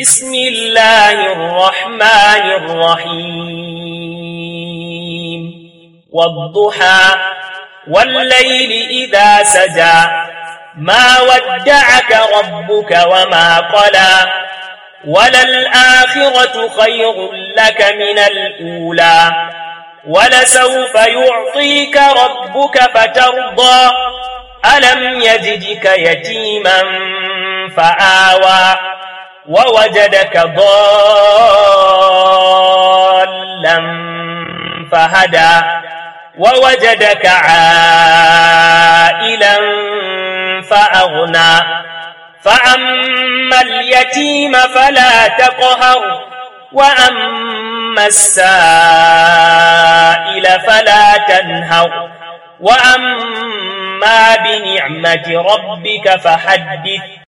بسم الله الرحمن الرحيم والضحى والليل إذا سجى ما ودعك ربك وما قلى وللآخرة خير لك من الأولى ولسوف يعطيك ربك فترضى ألم يجدك يتيما فآوى ووجدك ضالا فهدى ووجدك عائلا فأغنى فأما اليتيم فلا تقهر وأما السائل فلا تنهر وأما بنعمة ربك فحدث